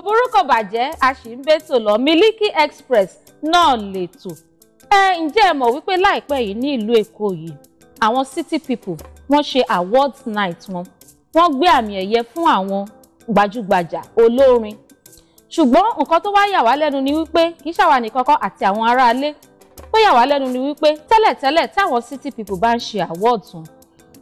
kò burúkọ bàjẹ́ a sì ń bẹ́tò lọ Miliki Express náà lètò ẹ ǹjẹ́ ẹ mọ̀ wípé láìpẹ́ yìí ní ìlú Èkó yìí àwọn city people wọ́n ṣe awards night wọn wọ́n gbé àmì ẹ̀yẹ fún àwọn gbajúgbajà olórin ṣùgbọ́n nǹkan tó wá yà wá lẹ́nu ni wípé kì í ṣàwa nìkan kọ́ àti àwọn aráalé ó yà wá lẹ́nu ni wípé tẹ́lẹ̀tẹ́lẹ̀ táwọn city people bá ń ṣe awards wọn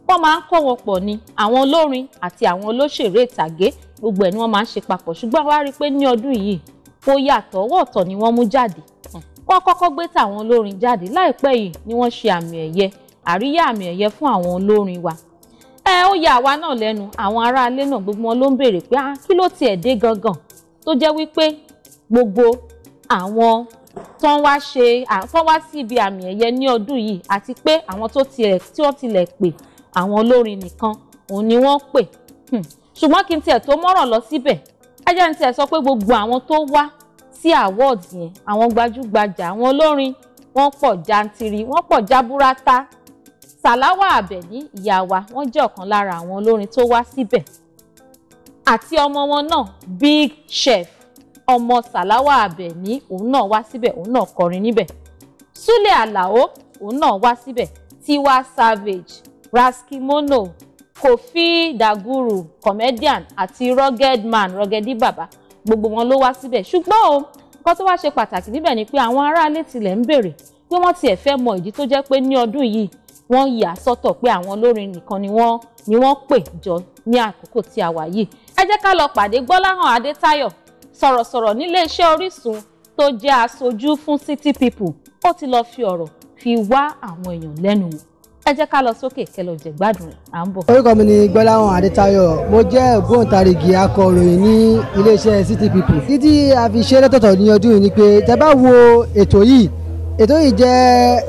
wọ́n máa ń kó wọn pọ̀ ni àwọn olórin àti àwọn olóṣèré ìtàgé gbogbo ẹ̀ ni wọ́n máa ń ṣe papọ̀ ṣùgbọ́n wá rí i pé ní ọdún yìí kò yàtọ̀ ọwọ́ ọ̀tọ̀ ni wọ́n mú jáde hmm. wọ́n kọ́kọ́ gbé tàwọn olórin jáde láìpẹ́ yìí ni wọ́n ṣe àmì ẹ̀yẹ àríyá àmì ẹ̀yẹ fún àwọn olórin wa ẹ ó yà àwa náà lẹ́nu àwọn aráalé náà gbogbo wọn ló ń béèrè pé ah kí ló tiẹ̀ dé gangan tó jẹ́ wípé gbogbo àwọn tó ń wá ṣe tó ń wá sí ibi àmì ẹ̀yẹ ní ọdún yìí àti pé àwọn tó tilẹ̀ tí wọ́n tilẹ̀ pè àwọn olórin nìkan òun ni wọ́n pè hmm ṣùgbọ́n kí n tiẹ̀ tó mọ́ràn lọ síbẹ̀ ajá ń tiẹ̀ sọ pé gbogbo àwọn tó wá sí awards yẹn àwọn gbajúgbajà àwọn olórin wọ́n pọ̀ jantiri wọ́n pọ̀ jaburata Sàláwà Àbẹ̀ní ìyá wa wọ́n jẹ́ ọ̀kan lára àwọn olórin tó wá síbẹ̀ àti ọmọ wọn náà Big Chef ọmọ Sàláwà Àbẹ̀ní òun náà wá síbẹ̀ òun náà kọrin níbẹ̀ Súlẹ̀ Àlàó òun náà wá síbẹ̀ Tiwa Savage Raskimono Kofi Daguru comedian àti rugged man ruggedy baba gbogbo wọn ló wá síbẹ̀ ṣùgbọ́n o nǹkan tó wá ṣe pàtàkì níbẹ̀ ni pé àwọn aráalé tilẹ̀ ń béèrè pé wọ́n tiẹ̀ fẹ́ mọ ìdí tó jẹ́ pé ní ọdún yìí wọ́n yà sọ́tọ̀ pé àwọn olórin nìkan ni wọ́n ni wọ́n pè jọ ní àkókò tí a wà yìí ẹ jẹ́ ká lọ pàdé Gbọ́láhàn Adétáyọ̀ sọ̀rọ̀sọ̀rọ̀ nílé iṣẹ́ Orísun tó jẹ́ aṣojú fún City People ó ti lọ fi ọ̀rọ̀ fi wá àwọn èèyàn lẹ́nu wò ẹ jẹ́ ká lọ sókè kẹlẹ̀ òjẹ̀ gbádùn à ń bọ̀. orúkọ mi ni gbọ́láhàn adétayọ̀ mo jẹ́ ògbóǹtarìgì akọ̀ròyìn ní iléeṣẹ́ city people títí a fi ṣe lọ́tọ̀ọ̀tọ̀ ní ọdún yìí ni pé tẹ́ bá wo ètò yìí ètò yìí jẹ́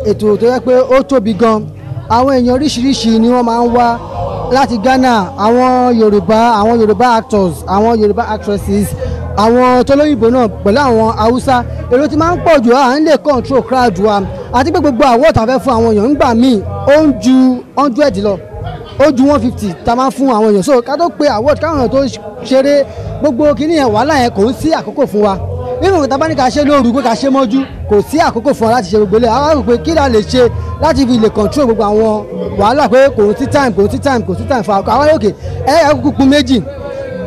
ètò tó yẹ pé ó tóbi gan àwọn èèyàn oríṣiríṣi ni wọ́n máa ń wá láti Ghana àwọn Yorùbá àwọn Yorùbá actors àwọn Yorùbá actresses àwọn tọ́lóyìnbó náà pẹ̀lú àwọn haúsá èrò ti máa ń pọ̀ jù à ń lè control crowd wa àti pé gbogbo àwọ̀ tàfẹ́ fún àwọn èèyàn ńgbà míì ó ń ju hundred lọ ó ju one fifty tá a máa fún àwọn èèyàn so ká tó pe award káwọn èèyàn tó ṣeré gbogbo kíní yẹn wàhálà yẹn kò ń sí àkókò fún wa nínú ìta bá ní ká ṣe lóru pé ká ṣe mọ́jú kò sí àkókò fún wa láti ṣe gbogbo ilé àwọn àrò pé kí la lè ṣe láti fi lè control gbogbo àwọn wàhálà pé kò sí time kò sí time kò sí time fún wa àwọn àrò òkè ẹ̀ ẹ̀ kúkú méjì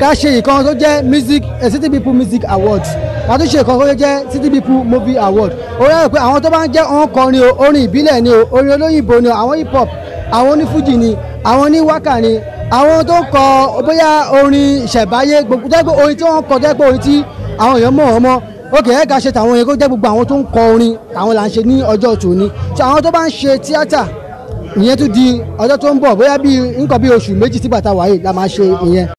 ká ṣe ìkan tó jẹ́ music eh, city people music awards ká tó ṣe ìkan tó jẹ́ city people movie award ó rẹ́ pé àwọn tó bá ń jẹ́ òun kọrin o orin ìbílẹ̀ ni o orin olóyìnbó ni o àwọn hip hop àwọn onífújì ni àwọn oníwákà ni àwọn tó kọ bóyá orin ìṣẹ̀báyé gbogbo jẹ́gbẹ́ orin tí wọ́n kọ jẹ́gbẹ́ orin tí àwọn èèyàn mọ̀ ọ́n mọ́ ókè ẹ̀ka ṣe tàwọn yẹn kó jẹ́ gbogbo àwọn tó ń kọ orin àwọn là ń ṣe ní ọjọ́ tòní ṣe àwọn tó bá ń ṣe tíátà ìyẹn tún di ọjọ́ tó ń bọ̀ bóyá bíi nǹkan bíi oṣù méjì sígbà tá a wáyé la máa ṣe ìyẹn.